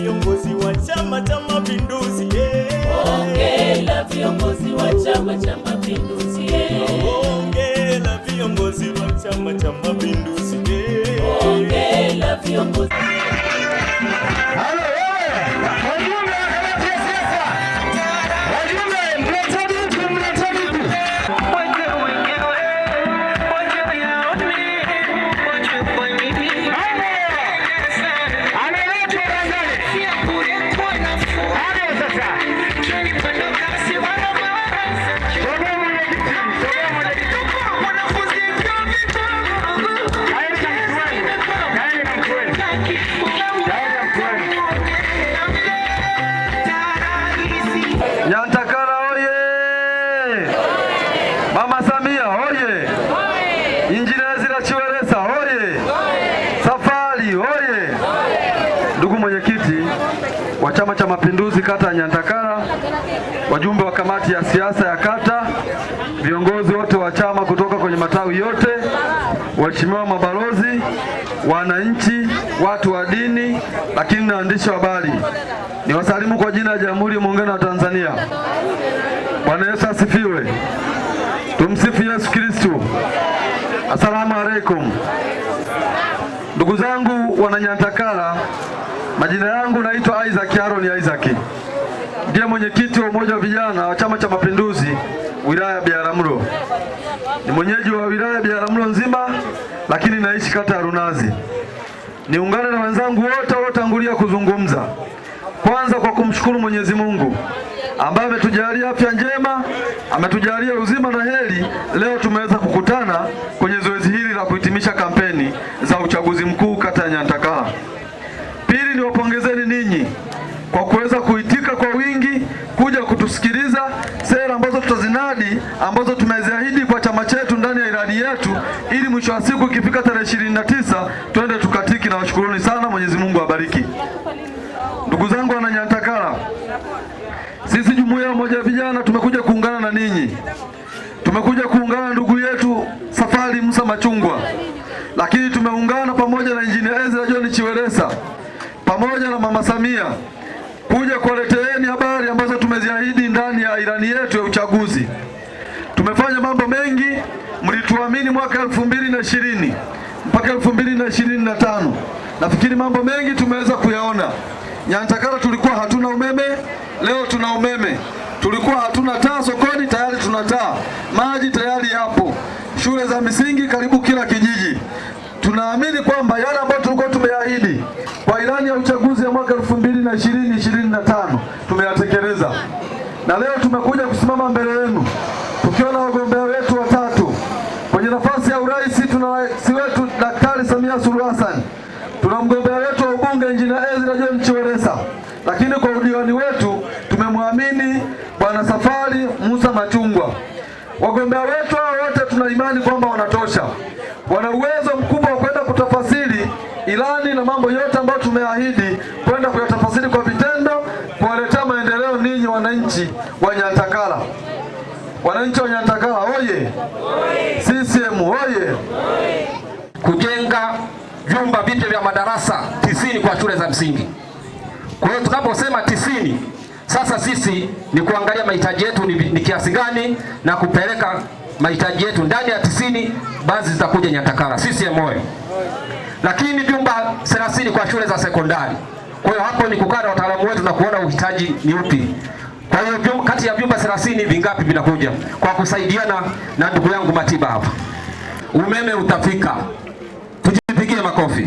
viongozi wa Chama cha Mapinduzi, hongera eh. viongozi wa Chama cha Mapinduzi, hongera eh. viongozi wa Chama cha Mapinduzi. Nyantakara oye! Mama Samia oye! Injinia Zirachiwelesa oye! Safari oye! Ndugu mwenyekiti wa Chama cha Mapinduzi kata ya Nyantakara, wajumbe wa kamati ya siasa ya kata, viongozi wote wa chama kutoka kwenye matawi yote, waheshimiwa mabalozi, wananchi, watu wa dini, lakini na waandishi wa habari, niwasalimu kwa jina la Jamhuri ya Muungano wa Tanzania. Bwana Yesu asifiwe. Tumsifu Yesu Kristu. Asalamu alaikum, ndugu zangu Wananyantakara. Majina yangu naitwa Isaac Aaron Isaac, ndiye mwenyekiti wa umoja wa vijana wa Chama cha Mapinduzi wilaya ya Biharamulo. Ni mwenyeji wa wilaya ya Biharamulo nzima, lakini naishi kata ya Runazi. Niungane na wenzangu wote waliotangulia kuzungumza, kwanza kwa kumshukuru Mwenyezi Mungu ambaye ametujalia afya njema, ametujalia uzima na heri. Leo tumeweza kukutana kwenye zoezi hili la kuhitimisha kampeni za uchaguzi mkuu kata ya Nyantakala nyinyi kwa kuweza kuitika kwa wingi kuja kutusikiliza sera ambazo tutazinadi ambazo tumeziahidi kwa chama chetu ndani ya iradi yetu, ili mwisho wa siku ikifika tarehe ishirini na tisa twende tukatiki. Na washukuruni sana, Mwenyezi Mungu awabariki. Ndugu zangu wananyantakala, sisi jumuiya ya Umoja wa Vijana tumekuja kuungana na ninyi, tumekuja kuungana ndugu yetu Safari Musa Machungwa, lakini tumeungana pamoja na Injinia Ezra John Chiweresa pamoja na Mama Samia kuja kuwaleteeni habari ambazo tumeziahidi ndani ya ilani yetu ya uchaguzi. Tumefanya mambo mengi, mlituamini mwaka elfu mbili na ishirini mpaka elfu mbili na ishirini na tano nafikiri mambo mengi tumeweza kuyaona. Nyantakara tulikuwa hatuna umeme, leo tuna umeme. Tulikuwa hatuna taa sokoni, tayari tuna taa. Maji tayari yapo, shule za misingi karibu kila kijiji. Tunaamini kwamba yale ambayo tulikuwa tumeahidi uchaguzi ya mwaka elfu mbili na ishirini ishirini na tano tumeyatekeleza, na leo tumekuja kusimama mbele yenu tukiwa na wagombea wetu watatu kwenye nafasi ya urais. Tuna rais wetu Daktari Samia Suluhu Hassan, tuna mgombea wetu wa ubunge Injinia Ezra John Chiwelesa, lakini kwa udiwani wetu tumemwamini Bwana Safari Musa Machungwa. Wagombea wetu hao wote tuna imani kwamba wanatosha, wana uwezo mkubwa wa kwenda kutafasiri ilani na mambo yote ambayo tumeahidi kwenda kuyatafasiri kwa vitendo, kuwaletea maendeleo ninyi wananchi wa Nyantakala. Wananchi wa Nyantakala oye! CCM oye! Kujenga vyumba vipya vya madarasa tisini kwa shule za msingi. Kwa hiyo tunaposema tisini sasa sisi ni kuangalia mahitaji yetu ni, ni kiasi gani na kupeleka mahitaji yetu ndani ya tisini, basi zitakuja Nyantakala. Sisi moyo lakini ni kwa shule za sekondari. Kwa hiyo hapo ni kukaa na wataalamu wetu na kuona uhitaji ni upi. Kwa hiyo kati ya vyumba 30 vingapi vinakuja kwa kusaidiana na ndugu yangu Matiba hapa. Umeme utafika, tujipigie makofi.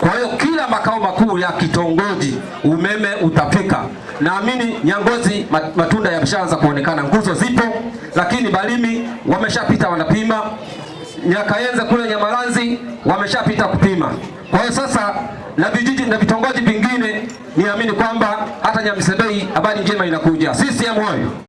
Kwa hiyo kila makao makuu ya kitongoji umeme utafika. Naamini Nyangozi matunda yameshaanza kuonekana, nguzo zipo, lakini Balimi wameshapita wanapima Nyakaenza kule Nyamaranzi wameshapita kupima. Kwa hiyo sasa na vijiji na vitongoji vingine niamini kwamba hata Nyamisebei habari njema inakuja. CCM oyee!